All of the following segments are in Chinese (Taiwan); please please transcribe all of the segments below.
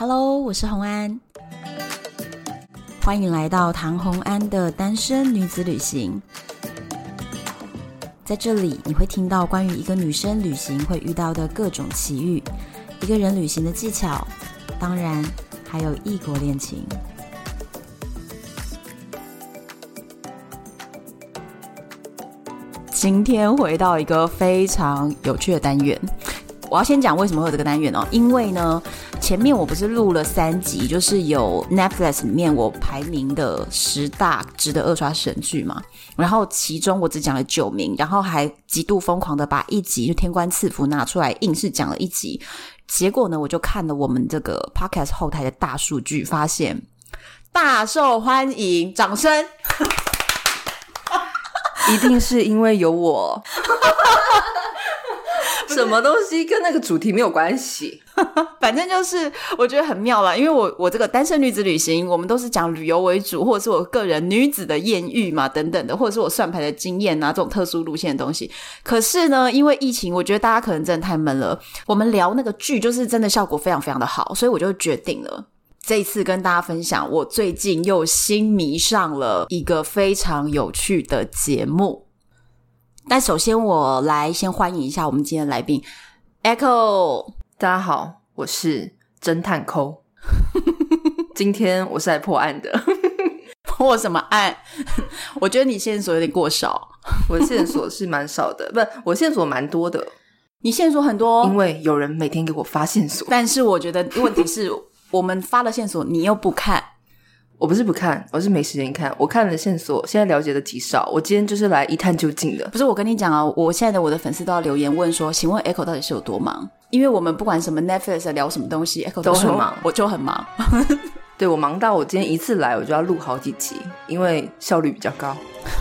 Hello，我是宏安，歡迎來到唐宏安的單身女子旅行。在這裡，你會聽到關於一個女生旅行會遇到的各種奇遇，一個人旅行的技巧，當然還有異國戀情。今天回到一個非常有趣的單元，我要先講為什麼會有這個單元哦，因為呢。前面我不是錄了三集，就是有 Netflix 裡面我排名的十大值得二刷神劇嘛，然後其中我只講了九名，然後還極度瘋狂的把一集就《天官賜福》拿出來，硬是講了一集，結果呢，我就看了我們這個 Podcast 後台的大數據，發現大受歡迎，掌聲， 一定是因為有我。 什麼東西跟那個主題沒有關係，哈哈。反正就是我覺得很妙啦，因為我我這個單身女子旅行，我們都是講旅遊為主，或者是我個人女子的豔遇嘛，等等的，或者是我算牌的經驗啊，這種特殊路線的東西。可是呢，因為疫情，我覺得大家可能真的太悶了。我們聊那個劇，就是真的效果非常非常的好，所以我就決定了，這一次跟大家分享，我最近又新迷上了一個非常有趣的節目。那首先，我來先歡迎一下我們今天的來賓，Echo。大家好，我是偵探摳， 今天我是來破案的。 破什麼案？ 我覺得你線索有點過少，我的線索是蠻少的， 不，我線索蠻多的。你線索很多哦，因為有人每天給我發線索。 但是我覺得問題是我們發了線索，你又不看。我不是不看，我是沒時間看。我看了線索現在了解的極少，我今天就是來一探究竟的。不是我跟你講啊，我現在的我的粉絲都要留言問說：“請問 Echo 到底是有多忙？”因為我們不管什麼 Netflix 聊什麼東西，Echo 都很，都很忙，我就很忙。 對，我忙到我今天一次來，我就要錄好幾集，因為效率比較高。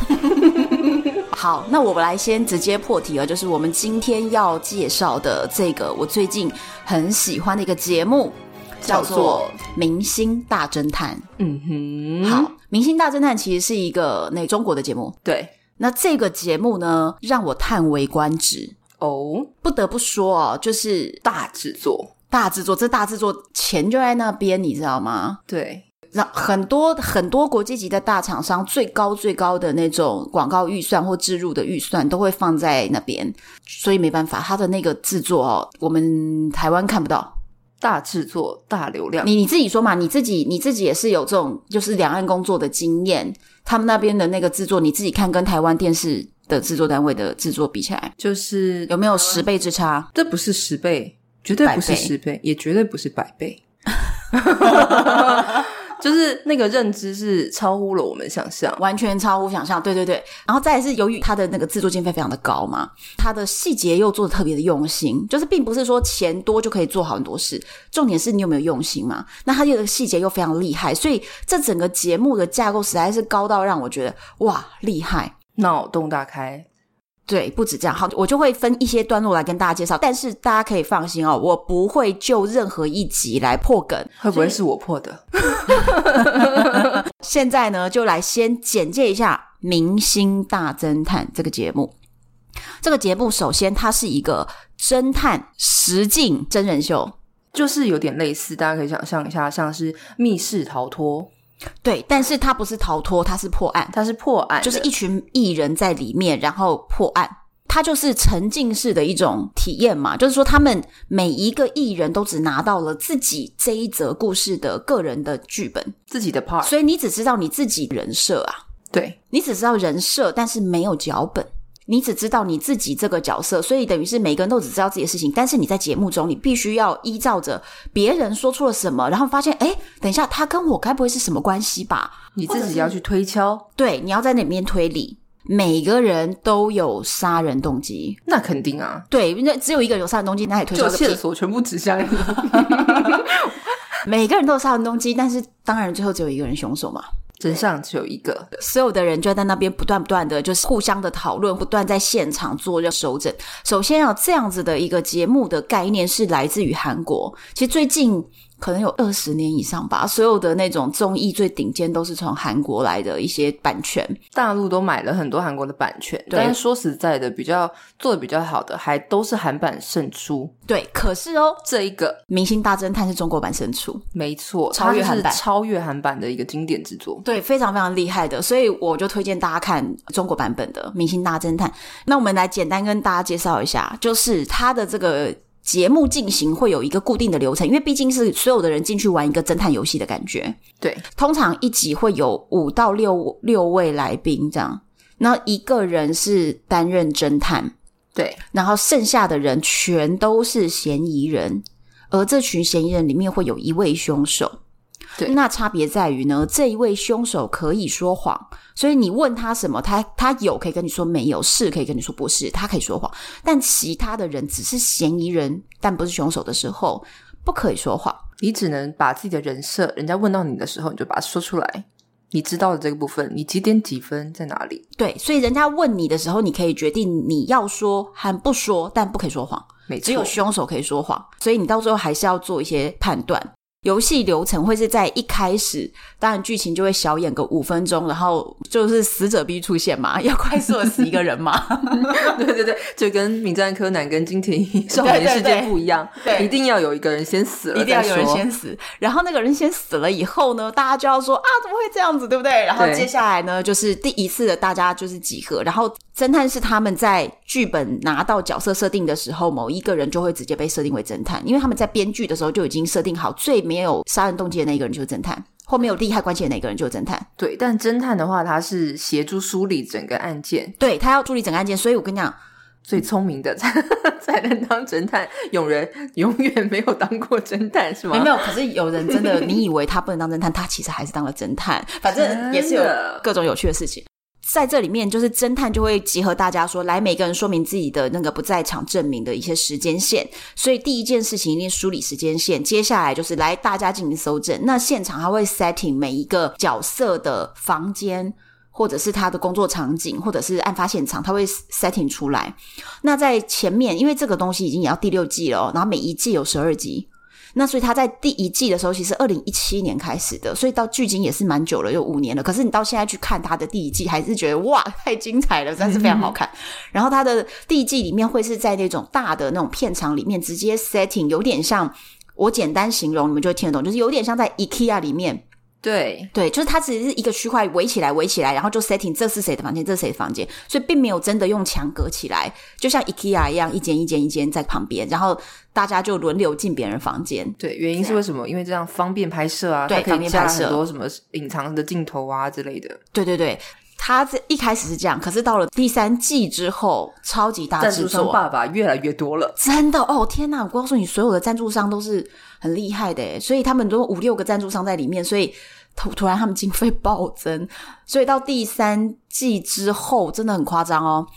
好，那我們來先直接破題了，就是我們今天要介紹的這個我最近很喜歡的一個節目。叫做《明星大偵探》。嗯哼，好，《明星大偵探》其實是一個那中國的節目。對，那這個節目呢，讓我嘆為觀止哦。Oh，不得不說哦，就是大製作，大製作，這大製作錢就在那邊，你知道嗎？對，那很多很多國際級的大廠商，最高最高的那種廣告預算或置入的預算，都會放在那邊，所以沒辦法，它的那個製作哦，我們台灣看不到。大製作、大流量，你你自己說嘛？你自己你自己也是有這種就是兩岸工作的經驗，他們那邊的那個製作，你自己看跟台灣電視的製作單位的製作比起來，就是台灣有沒有十倍之差？這不是十倍，絕對不是十倍，也絕對不是百倍。 就是那個認知是超乎了我們想象，完全超乎想象，對對對。然後再是由於它的那個制作經費非常的高嘛，它的細節又做得特別的用心，就是並不是說錢多就可以做好很多事，重點是你有沒有用心嘛。那它的細節又非常厲害，所以這整個節目的架構實在是高到讓我覺得哇，厲害，腦洞大開。對，不止這樣。好，我就會分一些段落來跟大家介紹，但是大家可以放心哦，我不會就任何一集來破梗。會不會是我破的？現在呢，就來先簡介一下《明星大偵探》這個節目。這個節目首先它是一個偵探實境真人秀，就是有點類似，大家可以想象一下，像是密室逃脫。對，但是他不是逃脫，他是破案，他是破案，就是一群藝人在裡面，然後破案，他就是沉浸式的一種體驗嘛，就是說他們每一個藝人都只拿到了自己這一則故事的個人的劇本，自己的 part，所以你只知道你自己人設啊，對，你只知道人設，但是沒有腳本。你只知道你自己這個角色，所以等於是每個人都只知道自己的事情。但是你在節目中，你必須要依照着別人說出了什麼，然後發現，哎，等一下，他跟我該不會是什麼關係吧？你自己要去推敲，對，你要在那邊推理。每個人都有殺人動機，那肯定啊，對，那只有一個人有殺人動機，那也推敲個就線索全部指向。 每個人都有殺人動機，但是當然最後只有一個人凶手嘛。真相只，只有一個，嗯、所有的人就在那邊不斷不斷的，就是互相的討論，不斷在現場做著搜證。首先、啊，要這樣子的一個節目的概念是來自於韓國。其實最近，可能有二十年以上吧，所有的那種綜藝最頂尖都是從韓國來的一些版權，大陸都買了很多韓國的版權。對但是說實在的，比較做的比較好的，還都是韓版勝出。對，可是哦，這一個《明星大偵探》是中國版勝出，沒錯，超越韓版，它是超越韓版的一個經典之作，對，非常非常厲害的。所以我就推薦大家看中國版本的《明星大偵探》。那我們來簡單跟大家介紹一下，就是它的這個。節目進行會有一個固定的流程，因為畢竟是所有的人進去玩一個偵探遊戲的感覺。對，通常一集會有五到六六位來賓，這樣，那一個人是擔任偵探，對，然後剩下的人全都是嫌疑人，而這群嫌疑人裡面會有一位兇手。對，那差別在於呢，這一位凶手可以說謊，所以你問他什麼，他他有可以跟你說沒有，是可以跟你說不是，他可以說謊。但其他的人只是嫌疑人，但不是凶手的時候不可以說謊，你只能把自己的人設，人家問到你的時候，你就把它說出來你知道的這個部分，你幾點幾分在哪裡？對，所以人家問你的時候，你可以決定你要說還不說，但不可以說謊。沒錯。只有凶手可以說謊，所以你到最後還是要做一些判斷。遊戲流程會是在一開始，當然劇情就會小演個五分鐘，然後就是死者必出現嘛，要快速的死一個人嘛。 對對對，就跟名戰《名偵探柯南》跟《金田一少年事件》不一樣， 對、對、對、對，一定要有一個人先死了，了。一定要有人先死。 然後那個人先死了以後呢，大家就要說啊，怎麼會這樣子，對不對？然後接下來呢，對就是第一次的大家就是集合，然後。偵探是他們在劇本拿到角色設定的時候，某一個人就會直接被設定為偵探，因為他們在編劇的時候就已經設定好，最沒有殺人動機的那一個人就是偵探，後面有利害關係的那個人就是偵探。對，但偵探的話，他是協助梳理整個案件，對，他要處理整個案件。所以我跟你講，最聰明的才能當偵探，有人永遠沒有當過偵探，是嗎？沒有，可是有人真的， 你以為他不能當偵探，他其實還是當了偵探，反正也是有各種有趣的事情。在這裡面，就是偵探就會集合大家說，來每個人說明自己的那個不在場證明的一些時間線。所以第一件事情一定梳理時間線，接下來就是來大家進行搜證。那現場他會 setting 每一個角色的房間，或者是他的工作場景，或者是案發現場，他會 setting 出來。那在前面，因為這個東西已經也要第六季了，然後每一季有十二集。那所以他在第一季的時候，其實二零一七年開始的，所以到距今也是蠻久了，有五年了。可是你到現在去看他的第一季，還是覺得哇，太精彩了，真是非常好看。嗯、然後他的第一季裡面會是在那種大的那種片場裡面直接 setting，有點像，我簡單形容你們就會聽得懂，就是有點像在 IKEA 裡面。對對，就是它只是一個區塊圍起來，圍起來，然後就 setting 這是誰的房間，這是誰的房間，所以並沒有真的用牆隔起來，就像 IKEA 一樣，一間一間一間在旁邊，然後大家就輪流進別人房間。對，原因是為什麼？這樣。因為這樣方便拍攝啊，對，可以拍很多什麼隱藏的鏡頭啊之類的。對對對。對對他這一開始是這樣，可是到了第三季之後，超級大贊助商爸爸越來越多了，真的哦！天哪，我告訴你，所有的贊助商都是很厲害的耶，所以他們都五六個贊助商在裡面，所以突突然他們經費暴增，所以到第三季之後真的很誇張哦。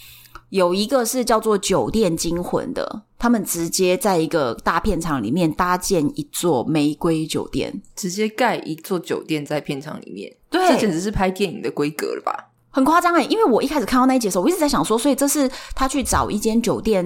有一個是叫做《酒店驚魂》的，他們直接在一個大片場裡面搭建一座玫瑰酒店，直接蓋一座酒店在片場裡面，對，這簡直是拍電影的規格了吧？很誇張誒，因為我一開始看到那一集的時候，我一直在想說，所以這是他去找一間酒店，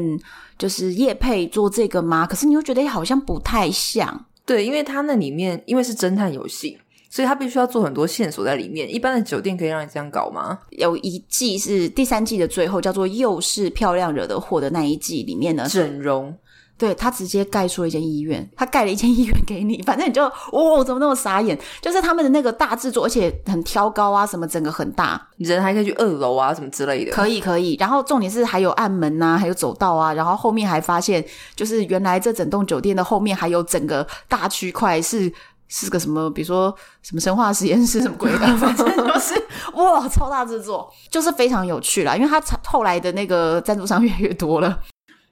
就是業配做這個嗎？可是你又覺得好像不太像。對，因為他那裡面因為是偵探遊戲，所以他必須要做很多線索在裡面。一般的酒店可以讓你這樣搞嗎？有一季是第三季的最後，叫做《又是漂亮惹的禍》的那一季裡面呢，整容。對，他直接蓋出了一間醫院，他蓋了一間醫院給你，反正你就哦，怎麼那麼傻眼？就是他們的那個大製作，而且很挑高啊，什麼整個很大，你人還可以去二樓啊，什麼之類的。可以，可以。然後重點是還有暗門吶、啊，還有走道啊。然後後面還發現，就是原來這整棟酒店的後面還有整個大區塊是是個什麼，比如說什麼生化實驗室 什麼鬼的，反正就是哇，超大製作，就是非常有趣啦，因為他後來的那個贊助商越來越多了。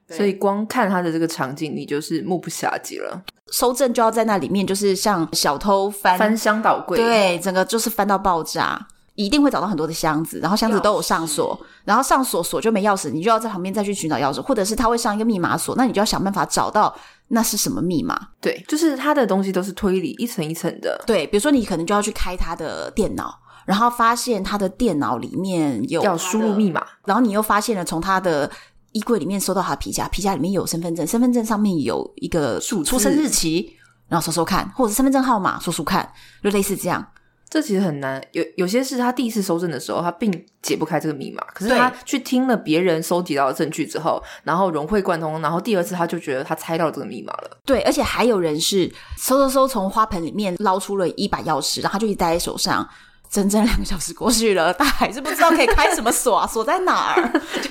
對所以光看他的這個場景，你就是目不暇接了。搜證就要在那裡面，就是像小偷翻翻箱倒櫃，對，整個就是翻到爆炸，一定會找到很多的箱子，然後箱子都有上鎖，匙然後上鎖鎖就沒鑰匙，你就要在旁邊再去尋找鑰匙，或者是他會上一個密碼鎖，那你就要想辦法找到那是什麼密碼。對，就是他的東西都是推理一層一層的。對，比如說你可能就要去開他的電腦，然後發現他的電腦裡面有要輸入密碼，的然後你又發現了從他的。衣櫃裡面搜到他皮夾，皮夾裡面有身份證，身份證上面有一個數字出生日期，然後搜搜看，或者是身份證號碼，搜搜看，就類似這樣。這其實很難，有有些是他第一次搜證的時候，他並解不開這個密碼，可是他去聽了別人搜集到的證據之後，對然後融會貫通，然後第二次他就覺得他猜到了這個密碼了。對，而且還有人是搜搜搜，從花盆裡面撈出了一把鑰匙，然後他就一直戴在手上。整整兩個小時過去了，他還是不知道可以開什麼鎖， 鎖在哪兒？就是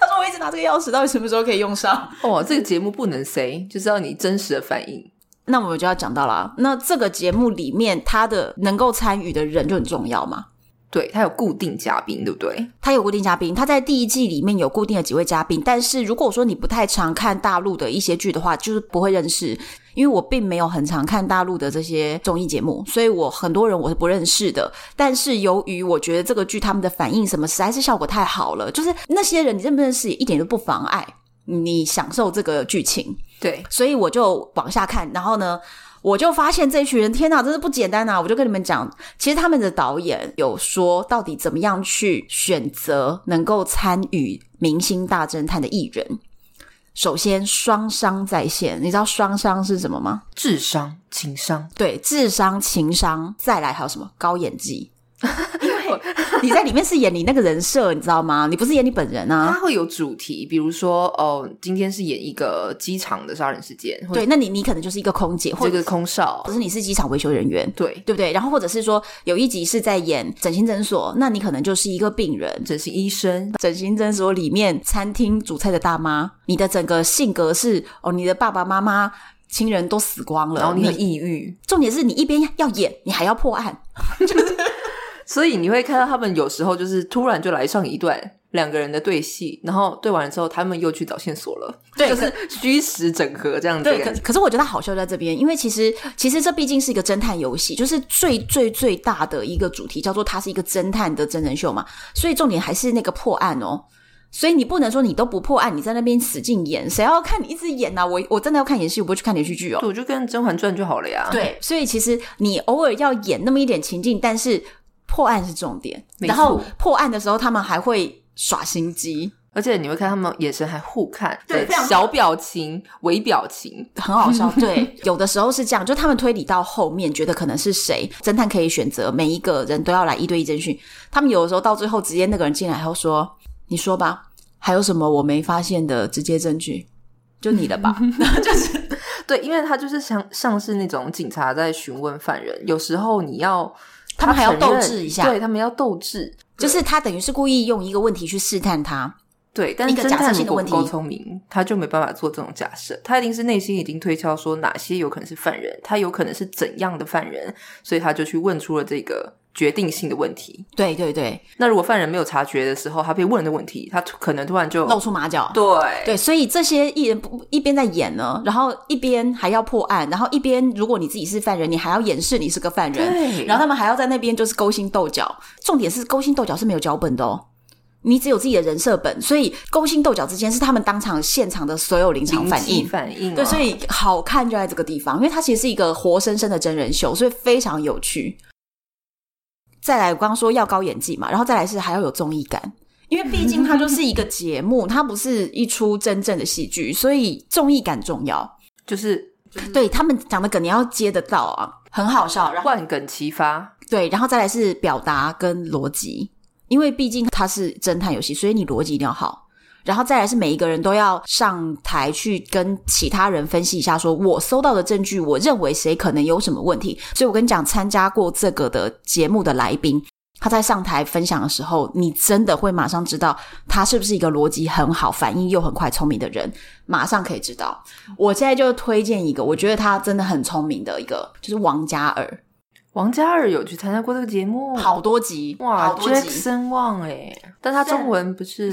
他說，我一直拿這個鑰匙，到底什麼時候可以用上？哦，這個節目不能 say，就知道你真實的反應。那我們就要講到啦。那這個節目裡面，他的能夠參與的人就很重要嘛？對，他有固定嘉賓，對不對？他有固定嘉賓，他在第一季裡面有固定的幾位嘉賓。但是如果說你不太常看大陸的一些劇的話，就是不會認識。因為我並沒有很常看大陸的這些綜藝節目，所以我很多人我是不認識的。但是由於我覺得這個劇他們的反應什麼實在是效果太好了，就是那些人你認不認識一點都不妨礙你享受這個劇情。對，所以我就往下看，然後呢，我就發現這一群人，天哪，真是不簡單啊！我就跟你們講，其實他們的導演有說到底怎麼樣去選擇能夠參與《明星大偵探》的藝人。首先，雙商在線，你知道雙商是什麼嗎？智商、情商，對，智商、情商，再來還有什麼？高演技。 你在裡面是演你那個人設，你知道嗎？你不是演你本人啊。它會有主題，比如說哦，今天是演一個機場的殺人事件。或者對，那你你可能就是一個空姐，或者一個空少，可是你是機場維修人員，對對不對？然後，或者是說有一集是在演整形診所，那你可能就是一個病人，整形醫生，整形診所裡面，所裡面餐廳煮菜的大媽。你的整個性格是哦，你的爸爸媽媽親人都死光了，然後你很抑鬱。重點是你一邊要演，你還要破案。 所以你會看到他們有時候就是突然就來上一段兩個人的對戲，然後對完了之後，他們又去找線索了，對，就是虛實整合這樣子。對，可,可是我覺得好笑在這邊，因為其實其實這畢竟是一個偵探遊戲，就是最最最大的一個主題叫做它是一個偵探的真人秀嘛，所以重點還是那個破案哦。所以你不能說你都不破案，你在那邊使勁演，誰要看你一直演啊？我我真的要看演戲，我不會去看連續劇哦。我就跟《甄嬛傳》就好了呀。對，所以其實你偶爾要演那麼一點情境，但是。破案是重點，錯然後破案的時候他們還會耍心機，而且你會看他們眼神還互看，對，對，這樣小表情、微表情很好笑。 對，有的時候是這樣，就他們推理到後面覺得可能是誰，偵探可以選擇每一個人都要來一對一偵訊。他們有的時候到最後直接那個人進來，然後說：“你說吧，還有什麼我沒發現的直接證據，就你的吧。”然後就是對，因為他就是像像是那種警察在詢問犯人，有時候你要。他們還要鬥智一下，他對他們要鬥智，就是他等於是故意用一個問題去試探他，對，但是偵探不一個假設性的問題，聰明他就沒辦法做這種假設，他一定是內心已經推敲說哪些有可能是犯人，他有可能是怎樣的犯人，所以他就去問出了這個。決定性的問題，對對對。那如果犯人沒有察覺的時候，他被問的問題，他可能突然就露出馬腳。對對，所以這些藝人不一邊在演呢，然後一邊還要破案，然後一邊如果你自己是犯人，你還要掩飾你是個犯人。對。然後他們還要在那邊就是勾心鬥角，重點是勾心鬥角是沒有腳本的哦，你只有自己的人設本，所以勾心鬥角之間是他們當場現場的所有臨場反應反應，哦。對，所以好看就在這個地方，因為它其實是一個活生生的真人秀，所以非常有趣。再來，我剛剛說要高演技嘛，然後再來是還要有綜藝感，因為畢竟它就是一個節目， 它不是一出真正的戲劇，所以綜藝感重要，就是、就是、對他們講的梗你要接得到啊，很好笑，然後萬梗齊發，對，然後再來是表達跟邏輯，因為畢竟它是偵探遊戲，所以你邏輯一定要好。然後再來是每一個人都要上台去跟其他人分析一下，說我搜到的證據，我認為誰可能有什麼問題。所以我跟你講，參加過這個的節目的來賓，他在上台分享的時候，你真的會馬上知道他是不是一個邏輯很好、反應又很快、聰明的人，馬上可以知道。我現在就推薦一個，我覺得他真的很聰明的一個，就是王嘉爾。王嘉爾有去參加過這個節目、哦，好多集哇，Jackson Wang 哎，但他中文不是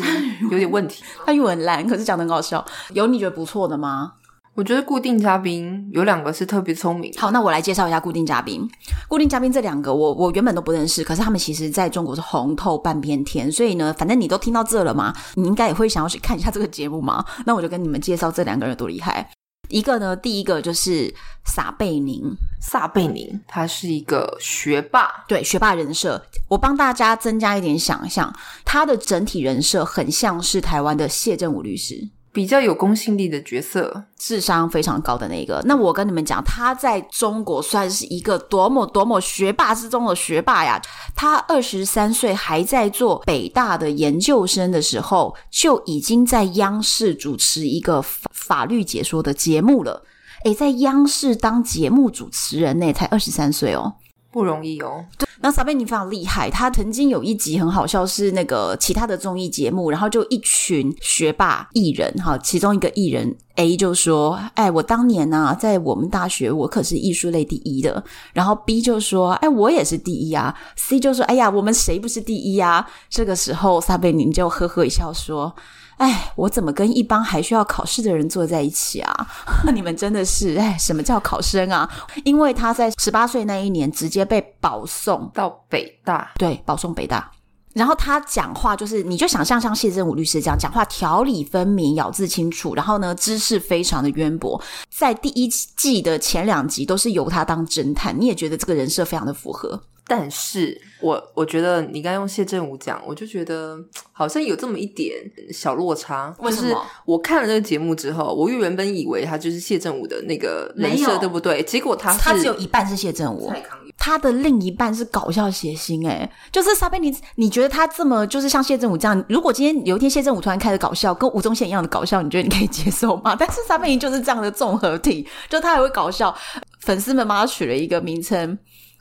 有點問題， 他英文爛，可是講得很搞笑。有你覺得不錯的嗎？我覺得固定嘉賓有兩個是特別聰明。好，那我來介紹一下固定嘉賓。固定嘉賓這兩個我我原本都不認識，可是他們其實在中國是紅透半邊天。所以呢，反正你都聽到這了嘛，你應該也會想要去看一下這個節目嗎？那我就跟你們介紹這兩個人有多厲害。一個呢，第一個就是撒貝寧。撒貝寧、嗯，他是一個學霸，對學霸人設。我幫大家增加一點想象，他的整體人設很像是台灣的謝震武律師，比較有公信力的角色，智商非常高的那一個。那我跟你們講，他在中國算是一個多麼多麼學霸之中的學霸呀！他二十三歲還在做北大的研究生的時候，就已經在央視主持一個法、法律解說的節目了。誒，在央視當節目主持人呢，才二十三歲哦，不容易哦。那撒貝寧非常厲害，他曾經有一集很好笑，是那個其他的綜藝節目，然後就一群學霸藝人哈，其中一個藝人 A 就說：“哎，我當年呢、啊，在我們大學，我可是藝術類第一的。”然後 B 就說：“哎，我也是第一啊。”C 就說：“哎呀，我們誰不是第一啊？”這個時候，撒貝寧就呵呵一笑說。哎，我怎麼跟一幫還需要考試的人坐在一起啊？ 你們真的是哎，什麼叫考生啊？因為他在十八歲那一年直接被保送到北大，對，保送北大。然後他講話就是，你就想像像謝震武律師這樣講話，條理分明，咬字清楚，然後呢，知識非常的淵博。在第一季的前兩集都是由他當偵探，你也覺得這個人設非常的符合。但是我我覺得你剛剛用謝震武講，我就覺得好像有這麼一點小落差。為什麼？我看了這個節目之後，我原本以為他就是謝震武的那個人設，有對不對？結果他是，他只有一半是謝震武，他的另一半是搞笑諧星。哎，就是撒貝寧，你覺得他這麼就是像謝震武這樣？如果今天有一天謝震武突然開始搞笑，跟吳宗憲一樣的搞笑，你覺得你可以接受嗎？但是撒貝寧就是這樣的綜合體，就他還會搞笑，粉絲們幫他取了一個名稱。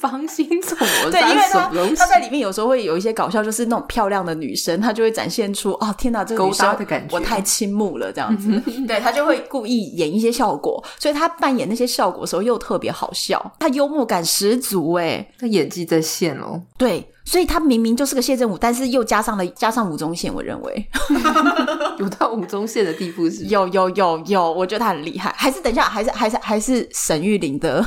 方心丑我，火，對，因為他 他在裡面有時候會有一些搞笑，就是那種漂亮的女生，她就會展現出哦，天哪，這個勾搭的感覺，我太傾慕了，這樣子，嗯、哼對他就會故意演一些效果，所以他扮演那些效果的時候又特別好笑，他幽默感十足，哎，他演技在線哦，對，所以他明明就是個謝震武，但是又加上了加上吳宗憲，我認為 有到吳宗憲的地步是，是有，有有有有，我覺得他很厲害，還是等一下，還是還是還是，還是沈玉琳的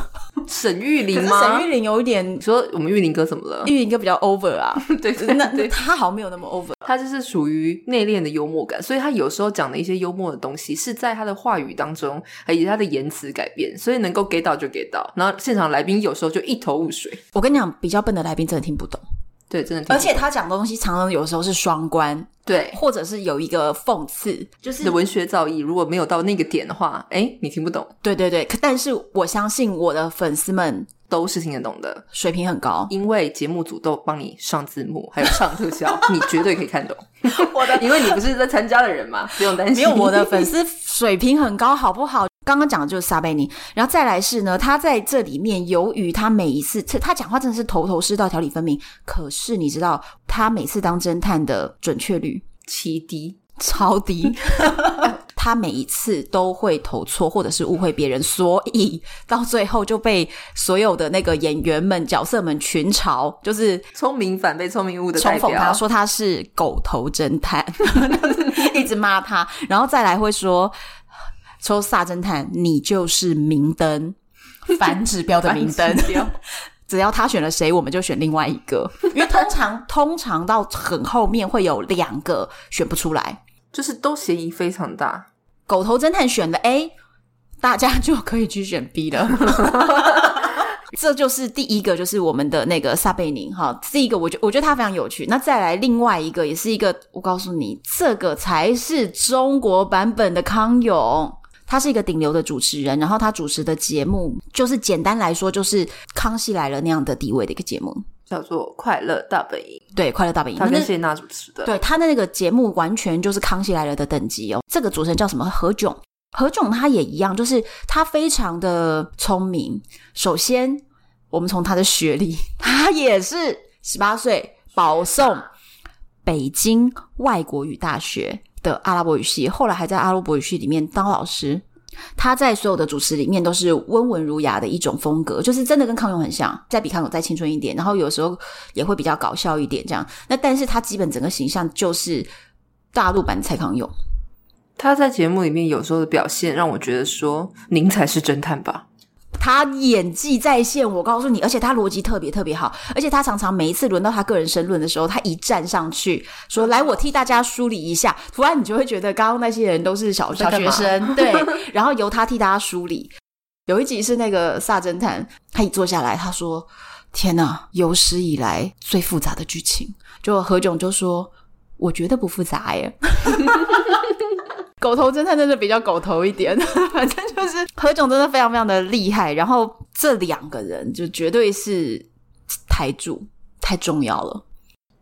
沈玉琳嗎？沈玉琳有。有點說我們玉林哥怎麼了？玉林哥比較 over 啊， 對真的對，對他好像沒有那麼 over，、啊、他就是屬於內斂的幽默感，所以他有時候講的一些幽默的東西是在他的話語當中，以及他的言辭改變，所以能夠 get 到就 get 到。然後現場來賓有時候就一頭霧水。我跟你講，比較笨的來賓真的聽不懂，對，真的聽不懂。而且他講的東西常常有時候是雙關，對，或者是有一個諷刺，就是的文學造詣如果沒有到那個點的話，哎，你聽不懂。對對對，可但是我相信我的粉絲們。都是聽得懂的，水平很高，因為節目組都幫你上字幕，還有上特效， 你絕對可以看懂。 我的，因為你不是在參加的人嘛，不用擔心。 沒有，我的粉絲水平很高，好不好？剛剛講的就是撒貝寧，然後再來是呢，他在這裡面，由於他每一次，他講話真的是頭頭是道，條理分明。可是你知道，他每次當偵探的準確率奇低，超低。 他每一次都會投錯，或者是誤會別人，所以到最後就被所有的那個演員們、角色們群嘲，就是聰明反被聰明誤的嘲諷他，說他是狗頭偵探， 一直罵他，然後再來會說抽撒偵探，你就是明燈，反指標的明燈。只要他選了誰，我們就選另外一個，因為通常通常到很後面會有兩個選不出來。就是都嫌疑非常大，狗頭偵探選了 A，大家就可以去選 B 了。 這就是第一個，就是我們的那個撒貝寧哈。這一個，我覺得我覺得他非常有趣。那再來另外一個，也是一個，我告訴你，這個才是中國版本的康永。他是一個頂流的主持人，然後他主持的節目，就是簡單來說，就是《康熙來了》那樣的地位的一個節目。叫做《快樂大本營》，對，《快樂大本營》，他跟謝娜主持的，那那對他的那個節目完全就是《康熙來了》的等級哦。這個主持人叫什麼？何炅，何炅他也一樣，就是他非常的聰明。首先，我們從他的學歷，他也是十八歲保送北京外國語大學的阿拉伯語系，後來還在阿拉伯語系裡面當老師。他在所有的主持裡面都是溫文儒雅的一種風格，就是真的跟康永很像，再比康永再青春一點，然後有時候也會比較搞笑一點這樣。那但是他基本整個形象就是大陸版蔡康永。他在節目裡面有時候的表現讓我覺得說，您才是偵探吧。他演技在線，我告訴你，而且他邏輯特別特別好，而且他常常每一次輪到他個人申論的時候，他一站上去說：“來，我替大家梳理一下。嗯”突然你就會覺得剛剛那些人都是小小學生，對，對，然後由他替大家梳理。 有一集是那個撒偵探，他一坐下來，他說：“天哪，有史以來最複雜的劇情。”就何炅就說：“我覺得不複雜耶。 ”狗頭偵探真的比較狗頭一點，反正就是何炅真的非常非常的厲害，然後這兩個人就絕對是台柱，太重要了。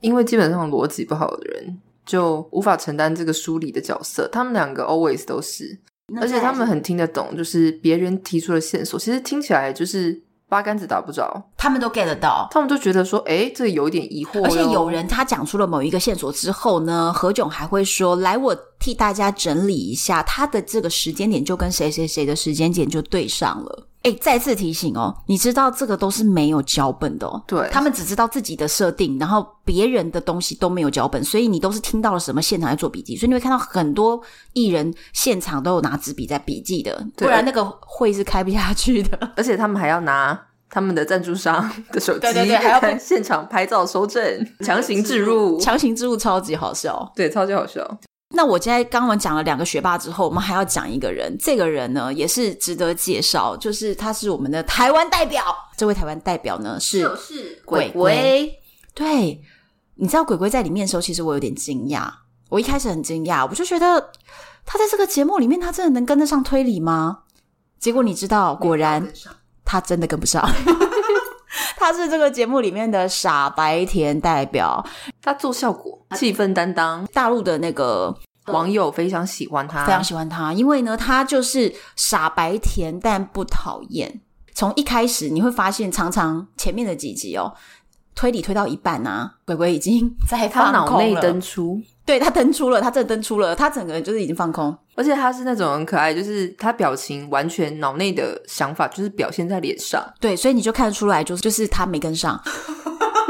因為基本上邏輯不好的人就無法承擔這個梳理的角色，他們兩個 always 都是，而且他們很聽得懂，就是別人提出的線索，其實聽起來就是。八竿子打不着，他們都 get 得到，他們都覺得說，哎、欸，這有點疑惑。而且有人他講出了某一個線索之後呢，何炅還會說，來，我替大家整理一下，他的這個時間點就跟誰誰誰的時間點就對上了。哎，再次提醒哦，你知道這個都是沒有腳本的哦，對，他們只知道自己的設定，然後別人的東西都沒有腳本，所以你都是聽到了什麼現場在做筆記，所以你會看到很多藝人現場都有拿紙筆在筆記的，對不然那個會是開不下去的。而且他們還要拿他們的贊助商的手機， 對對對，還要現場拍照收證，強行置入，強行置入超級好笑，對，超級好笑。那我今天剛剛我們講了兩個學霸之後，我們還要講一個人。這個人呢，也是值得介紹，就是他是我們的台灣代表。這位台灣代表呢，是鬼鬼。對，你知道鬼鬼在裡面的時候，其實我有點驚訝。我一開始很驚訝，我就覺得他在這個節目裡面，他真的能跟得上推理嗎？結果你知道，果然他真的跟不上。 他是這個節目裡面的傻白甜代表，他做效果、氣氛擔當。大陸的那個網友非常喜歡他，非常喜歡他，因為呢，他就是傻白甜但不討厭。從一開始你會發現，常常前面的幾集哦，推理推到一半啊，鬼鬼已經在他腦內登出。對，他登出了，他真的登出了，他整個人就是已經放空，而且他是那種很可愛，就是他表情完全腦內的想法就是表現在臉上，對，所以你就看得出來，就是就是他沒跟上。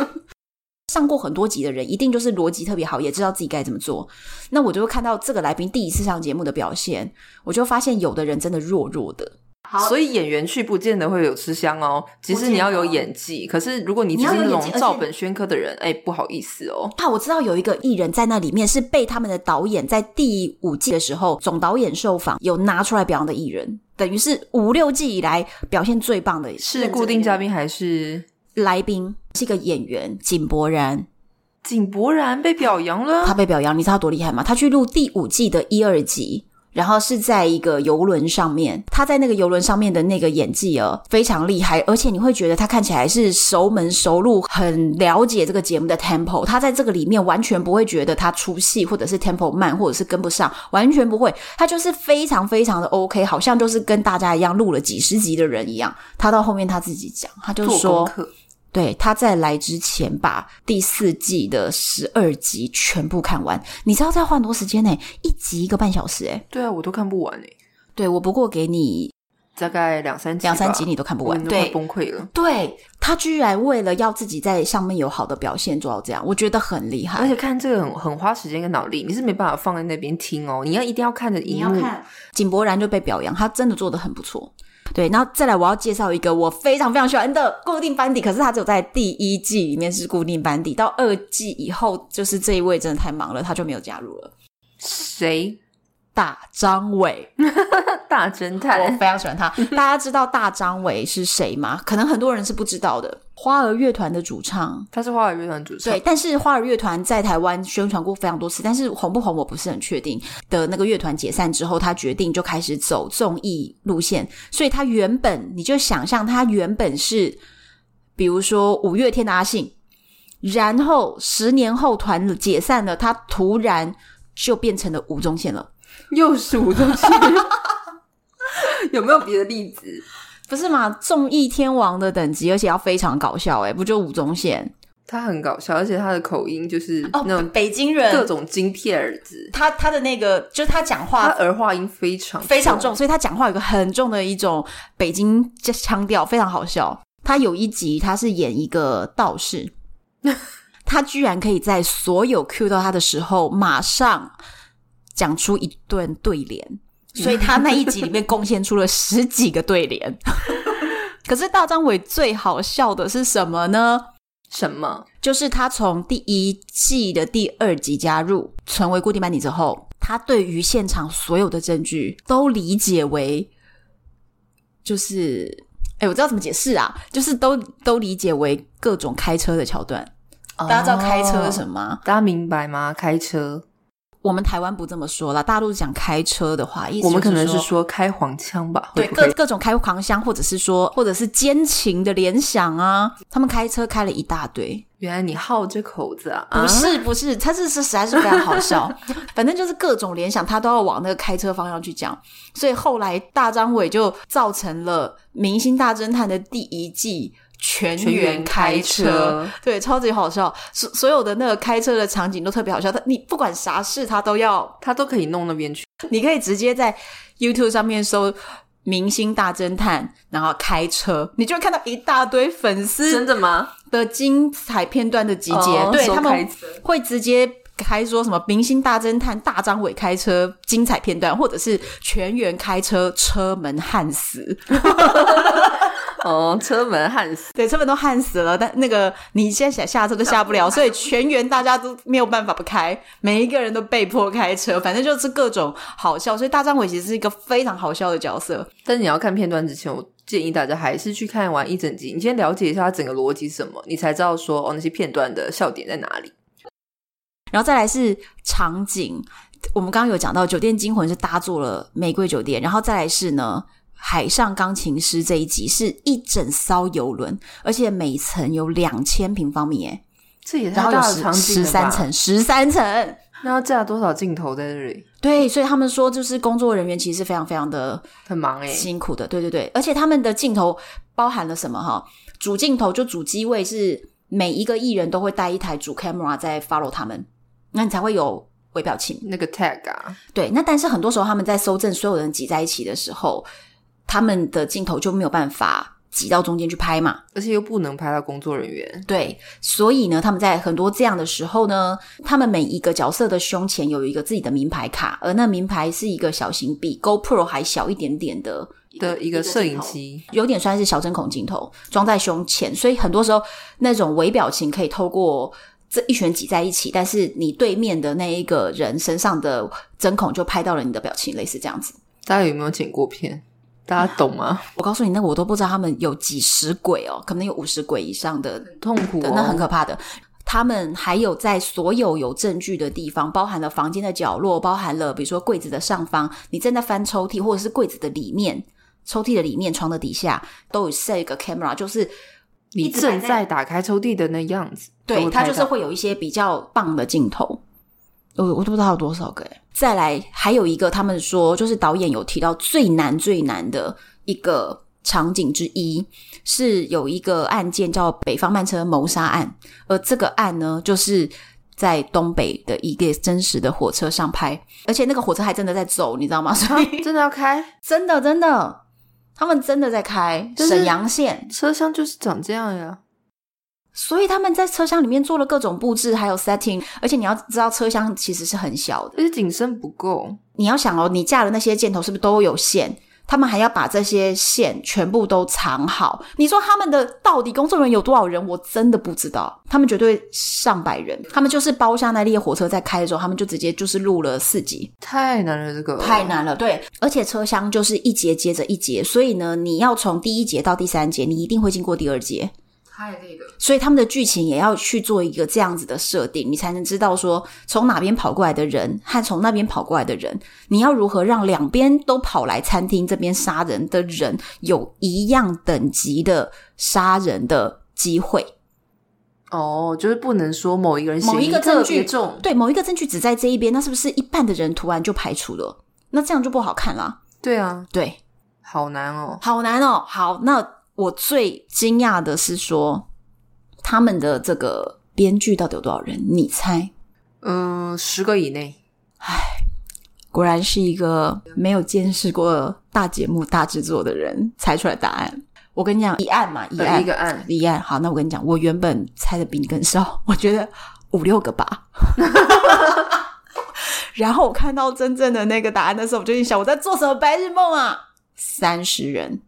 上過很多集的人一定就是邏輯特別好，也知道自己該怎麼做。那我就會看到這個來賓第一次上節目的表現，我就發現有的人真的弱弱的。好所以演員去不見得會有吃香哦，其實你要有演技。可是如果你是那種照本宣科的人，哎、欸，不好意思哦。怕、啊、我知道有一個藝人，在那裡面是被他們的導演在第五季的時候，總導演受訪有拿出來表揚的藝人，等於是五六季以來表現最棒的人，是固定嘉賓還是來賓？是一個演員，井柏然。井柏然被表揚了，他被表揚。你知道他多厲害嗎？他去錄第五季的一二集。然後是在一個郵輪上面，他在那個郵輪上面的那個演技啊，非常厲害，而且你會覺得他看起來是熟門熟路，很了解這個節目的 tempo。他在這個裡面完全不會覺得他出戲，或者是 tempo 慢，或者是跟不上，完全不會。他就是非常非常的 OK，好像就是跟大家一樣錄了幾十集的人一樣。他到後面他自己講，他就說。對，他在來之前把第四季的十二集全部看完，你知道在花多時間呢？一集一個半小時，哎，對啊，我都看不完哎。對，我不過給你大概兩三集，兩三集，你都看不完，對，崩潰了。對，對他居然為了要自己在上面有好的表現做到這樣，我覺得很厲害。而且看這個很，很花時間跟腦力，你是沒辦法放在那邊聽哦，你要一定要看着屏幕。要看為井柏然就被表揚，他真的做得很不錯。對，然後再來，我要介紹一個我非常非常喜歡的固定班底，可是他只有在第一季裡面是固定班底，到二季以後，就是這一位真的太忙了，他就沒有加入了。誰？大張偉， 大偵探，我非常喜歡他。大家知道大張偉是誰嗎？ 可能很多人是不知道的。花兒樂團的主唱，他是花兒樂團主唱。對，但是花兒樂團在台灣宣傳過非常多次，但是紅不紅我不是很確定。的那個樂團解散之後，他決定就開始走綜藝路線，所以他原本你就想象他原本是，比如說五月天的阿信，然後十年後團解散了，他突然就變成了吳宗憲了。又是吳宗憲， 有沒有別的例子？不是嘛？綜藝天王的等級，而且要非常搞笑、欸。哎，不就吳宗憲？他很搞笑，而且他的口音就是那種哦，北京人各種京片兒子。他他的那個，就是、他講話，他兒化音非常重，非常重，所以他講話有一個很重的一種北京腔調，非常好笑。他有一集，他是演一個道士，他居然可以在所有 cue 到他的時候，馬上。講出一段對聯，所以他那一集裡面貢獻出了十幾個對聯。 可是大張偉最好笑的是什麼呢？什麼？就是他從第一季的第二集加入成為固定班底之後，他對於現場所有的證據都理解為，就是，哎，我知道怎麼解釋啊，就是都都理解為各種開車的橋段。大家知道開車是什麼？哦？大家明白嗎？開車。我們台灣不這麼說啦。大陸講開車的話，一直我們可能是說開黃腔吧，對，各各種開黃腔，或者是說，或者是奸情的聯想啊，他們開車開了一大堆。原來你好這口子啊？不是不是，他這是，是實在是非常好笑， 反正就是各種聯想，他都要往那個開車方向去講，所以後來大張偉就造成了《明星大偵探》的第一季。全員開車，開車，對，超級好笑。所所有的那個開車的場景都特別好笑。他你不管啥事，他都要，他都可以弄那邊去。你可以直接在 YouTube 上面搜“明星大偵探”，然後開車，你就會看到一大堆粉絲，真的嗎？的精彩片段的集結。對，他們會直接開說什麼“明星大偵探大張偉開車精彩片段”，或者是“全員開車車門焊死”。 哦，車門焊死， 對，車門都焊死了。但那個你現在想下車都下不了，所以全員大家都沒有辦法不開，每一個人都被迫開車，反正就是各種好笑。所以大張偉其實是一個非常好笑的角色。但是你要看片段之前，我建議大家還是去看完一整集，你先了解一下他整個邏輯什麼，你才知道說哦，那些片段的笑點在哪裡。然後再來是場景，我們剛剛有講到《酒店驚魂》是搭作了玫瑰酒店，然後再來是呢。海上鋼琴師這一集是一整艘遊輪，而且每層有兩千平方米耶，哎，這也太大了十三層，十三層，那要架多少鏡頭在這裡？對，所以他們說，就是工作人員其實是非常非常的很忙誒辛苦的。欸、對對對，而且他們的鏡頭包含了什麼？哈，主鏡頭就主機位是每一個藝人都會帶一台主 camera 在 follow 他們，那你才會有微表情。那個 tag 啊，對。那但是很多時候他們在搜證，所有人擠在一起的時候。他們的鏡頭就沒有辦法擠到中間去拍嘛，而且又不能拍到工作人員。對，所以呢，他們在很多這樣的時候呢，他們每一個角色的胸前有一個自己的名牌卡，而那名牌是一個小型比 GoPro 還小一點點的一的一個攝影機，有點算是小針孔鏡頭裝在胸前，所以很多時候那種微表情可以透過這一群擠在一起，但是你對面的那一個人身上的針孔就拍到了你的表情，類似這樣子。大家有沒有剪過片？大家懂嗎？嗯、我告訴你，那個我都不知道他們有幾十鬼哦、喔，可能有五十鬼以上的痛苦、啊的，那很可怕的。他們還有在所有有證據的地方，包含了房間的角落，包含了比如說櫃子的上方，你正在翻抽屜或者是櫃子的裡面，抽屜的裡面、床的底下，都有設一個 camera，就是你，在你正在打開抽屜的那樣子。對，它就是會有一些比較棒的鏡頭。我我都不知道有多少個、欸，再來還有一個，他們說就是導演有提到最難最難的一個場景之一，是有一個案件叫《北方慢車謀殺案》，而這個案呢，就是在東北的一個真實的火車上拍，而且那個火車還真的在走，你知道嗎？所以、啊、真的要開，真的真的，他們真的在開是沈陽線車廂，就是長這樣呀。所以他們在車廂裡面做了各種布置，還有 setting，而且你要知道車廂其實是很小的，而且景深不夠。你要想哦，你架的那些箭頭是不是都有線？他們還要把這些線全部都藏好。你說他們的到底工作人員有多少人？我真的不知道。他們絕對上百人。他們就是包下那列火車在開的時候，他們就直接就是錄了四集。太難了，這個太難了。對，而且車廂就是一節接着一節，所以呢，你要從第一節到第三節，你一定會經過第二節。太累了，所以他們的劇情也要去做一個這樣子的設定，你才能知道說從哪邊跑過來的人和從那邊跑過來的人，你要如何讓兩邊都跑來餐廳這邊殺人的人有一樣等級的殺人的機會？哦，oh, 就是不能說某一個人某一個證據重，對，某一個證據只在這一邊，那是不是一半的人突然就排除了？那這樣就不好看了。對啊，對，好難哦，好難哦，好難哦，好那。我最驚訝的是說，他們的這個編劇到底有多少人？你猜？嗯，十個以內。唉，果然是一個沒有見識過大節目大制作的人猜出來答案。我跟你講，一案嘛，一案一個案，一案。好，那我跟你講，我原本猜的比你更少，我覺得五六個吧。 然後我看到真正的那個答案的時候，我就一想我在做什麼白日夢啊？三十人。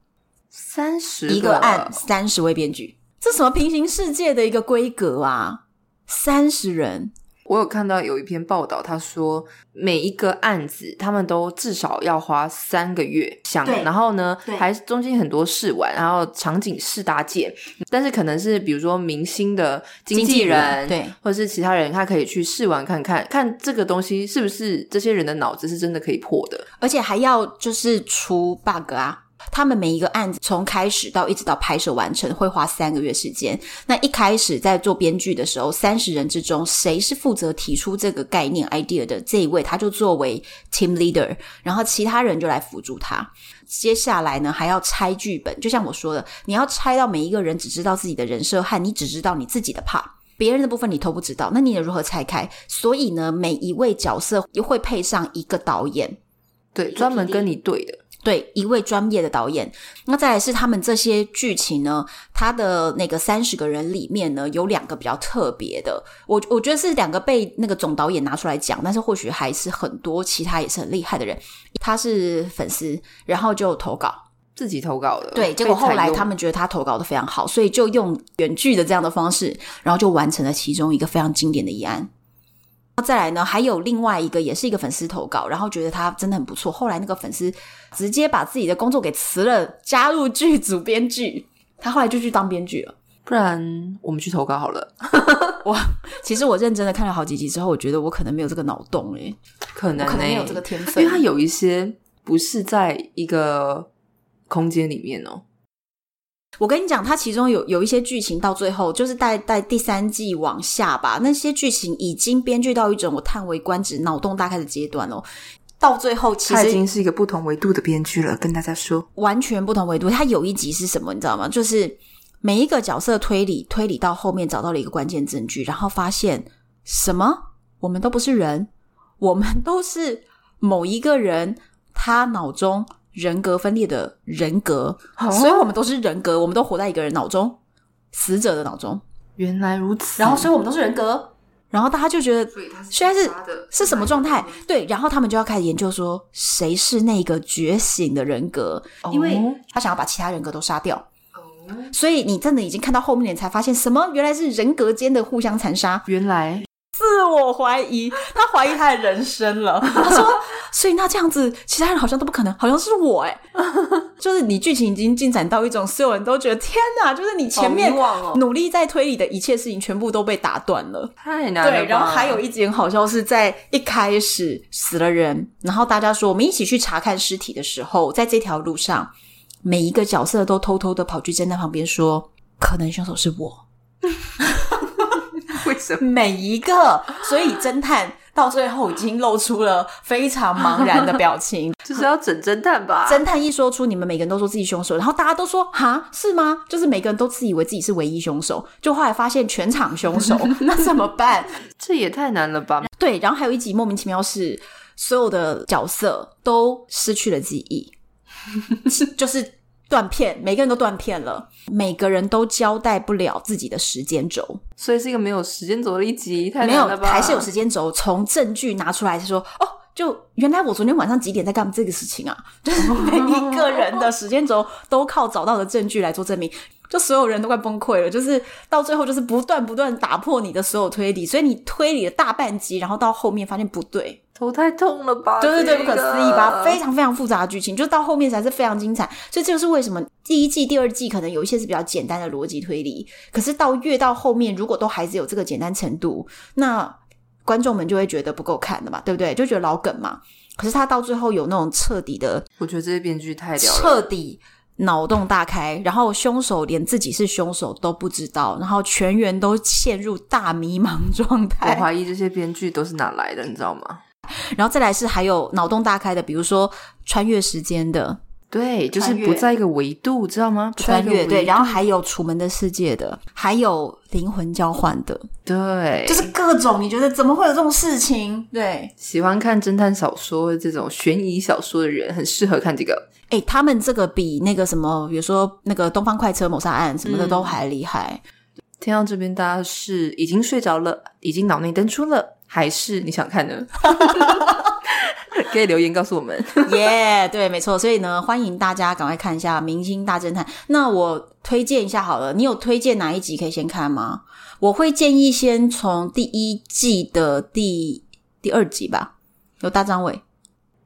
三十一個案，三十位編劇，這什麼平行世界的一個規格啊？三十人，我有看到有一篇報道，他說每一個案子他們都至少要花三個月想，對然後呢，對還是中間很多試玩，然後場景試搭建，但是可能是比如說明星的經紀人，經紀人，對，或者是其他人，他可以去試玩看看，看這個東西是不是這些人的腦子是真的可以破的，而且還要就是出 bug 啊。他們每一個案子從開始到一直到拍攝完成會花三個月時間。那一開始在做編劇的時候，三十人之中誰是負責提出這個概念 idea 的這一位，他就作為 team leader，然後其他人就來輔助他。接下來呢，還要拆劇本，就像我說的，你要拆到每一個人只知道自己的人設和你只知道你自己的 part，別人的部分你都不知道，那你也如何拆開？所以呢，每一位角色又會配上一個導演，對，專門跟你對的。對，一位專業的導演，那再來是他們這些劇情呢，他的那個三十個人裡面呢，有兩個比較特別的，我我覺得是兩個被那個總導演拿出來講，但是或許還是很多其他也是很厲害的人。他是粉絲，然後就投稿，自己投稿的。對，結果後來他們覺得他投稿的非常好，所以就用原劇的這樣的方式，然後就完成了其中一個非常經典的一案。再來呢，還有另外一個，也是一個粉絲投稿，然後覺得他真的很不錯。後來那個粉絲直接把自己的工作給辭了，加入劇組編劇，他後來就去當編劇了。不然我們去投稿好了。 我其實我認真的看了好幾集之後，我覺得我可能沒有這個腦洞哎、欸，可能，欸、可能沒有這個天分，因為他有一些不是在一個空間裡面哦。我跟你講，它其中有有一些劇情到最後，就是在在第三季往下吧，那些劇情已經編劇到一種我嘆為觀止、腦洞大開的階段哦。到最後，其實他已經是一個不同維度的編劇了。跟大家說，完全不同維度。他有一集是什麼，你知道嗎？就是每一個角色推理推理到後面，找到了一個關鍵證據，然後發現什麼？我們都不是人，我們都是某一個人他腦中。人格分裂的人格，oh. 所以我們都是人格，我們都活在一個人腦中，死者的腦中。原來如此。然後，所以我們都是人格。Oh. 然後大家就覺得，現在是是，是什麼狀態？對，然後他們就要開始研究說，誰是那個覺醒的人格？Oh. 因為他想要把其他人格都殺掉。Oh. 所以你真的已經看到後面，你才發現什麼？原來是人格間的互相殘殺。原來。我懷疑他懷疑他的人生了。 他說：“所以那這樣子，其他人好像都不可能，好像是我哎、欸。” 就是你劇情已經進展到一種所有人都覺得天哪！就是你前面努力在推理的一切事情，全部都被打斷了，太難了。對，然後還有一點好像是在一開始死了人，然後大家說我們一起去查看屍體的時候，在這條路上每一個角色都偷偷的跑去偵探旁邊說：“可能兇手是我。” 每一個，所以偵探到最後已經露出了非常茫然的表情，就是要整偵探吧？偵探一說出你們每個人都說自己兇手，然後大家都說啊，是嗎？就是每個人都自以為自己是唯一兇手，就後來發現全場兇手，那怎麼辦？ 這也太難了吧。對，然後還有一集莫名其妙是，所有的角色都失去了記憶，就是。 斷片，每個人都斷片了，每個人都交代不了自己的時間軸，所以是一個沒有時間軸的一集，太難了吧？沒有，還是有時間軸，從證據拿出來說，哦，就原來我昨天晚上幾點在幹這個事情啊？就是每一個人的時間軸都靠找到的證據來做證明，就所有人都快崩潰了，就是到最後就是不斷不斷打破你的所有推理，所以你推理了大半集，然後到後面發現不對。頭太痛了吧？對對對，不可思議吧？非常非常複雜的劇情，就到後面才是非常精彩。所以這個是為什麼第一季、第二季可能有一些是比較簡單的邏輯推理，可是到越到後面，如果都還是有這個簡單程度，那觀眾們就會覺得不夠看的嘛，對不對？就覺得老梗嘛。可是他到最後有那種徹底的，我覺得這些編劇太徹底，腦洞大開，然後凶手連自己是凶手都不知道，然後全員都陷入大迷茫狀態。我懷疑這些編劇都是哪來的，你知道嗎？然後再來是還有腦洞大開的，比如說穿越時間的，對，就是不在一個維度，越知道嗎？穿越，對，然後還有楚門的世界的，還有靈魂交換的，對，就是各種你覺得怎麼會有這種事情？對，喜歡看偵探小說、這種懸疑小說的人，很適合看這個。誒，他們這個比那個什麼，比如說那個《東方快車謀殺案》什麼的都還厲害。嗯、聽到這邊，大家是已經睡着了，已經腦內登出了。還是你想看的， 可以留言告訴我們。耶，對，沒錯，所以呢，歡迎大家趕快看一下《明星大偵探》。那我推薦一下好了，你有推薦哪一集可以先看嗎？我會建議先從第一季的第第二集吧，有大張偉。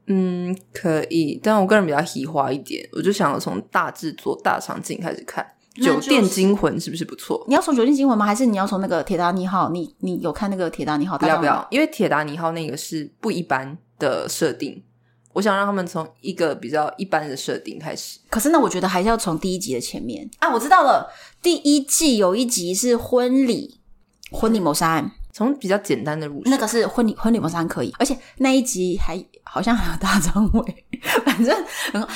嗯，可以，但我個人比較嘻哈一點，我就想要從大制作、大場景開始看。就是、酒店驚魂是不是不錯？你要從酒店驚魂嗎？還是你要從那個鐵達尼號？你你有看那個鐵達尼號？不要不要，因為鐵達尼號那個是不一般的設定。我想讓他們從一個比較一般的設定開始。可是那我覺得還是要從第一集的前面。啊，我知道了，第一季有一集是婚禮，婚禮謀殺案。從比較簡單的入手，那個是婚禮婚禮謀殺可以，而且那一集還好像還有大張偉， 反正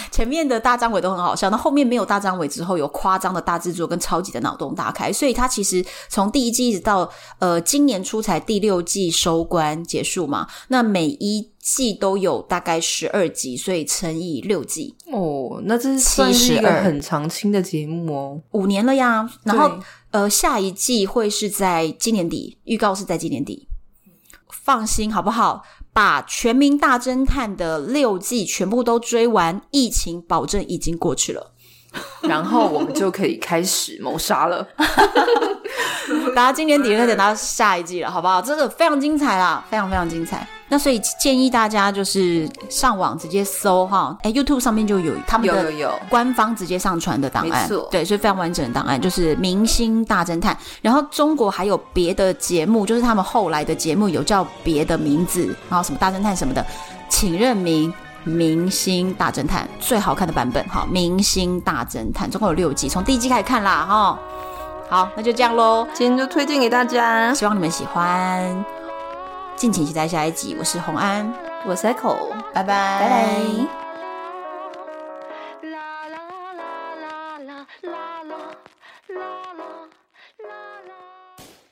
前面的大張偉都很好笑，那後面沒有大張偉之後有誇張的大製作跟超級的腦洞大開，所以他其實從第一季一直到呃今年初才第六季收官結束嘛，那每一。季都有大概十二集，所以乘以六季哦，那這是七十二個很長青的節目哦，五年了呀。對然後呃，下一季會是在今年底，預告是在今年底，放心好不好？把《全民大偵探》的六季全部都追完，疫情保證已經過去了， 然後我們就可以開始謀殺了。 大家今年底可以等到下一季了，好不好？真的非常精彩啦，非常非常精彩。那所以建議大家就是上網直接搜哈，哎，欸，YouTube 上面就有他們的官方直接上傳的檔案，有有有，對，所以非常完整的檔案，就是《明星大偵探》。然後中國還有別的節目，就是他們後來的節目有叫別的名字，然後什麼《大偵探》什麼的，請認明《明星大偵探》最好看的版本。好，《明星大偵探》總共有六季，從第一季開始看啦，哈。好，那就這樣嘍，今天就推薦給大家，希望你們喜歡。敬請期待下一集。我是宏安，我是 Echo，拜拜，拜拜。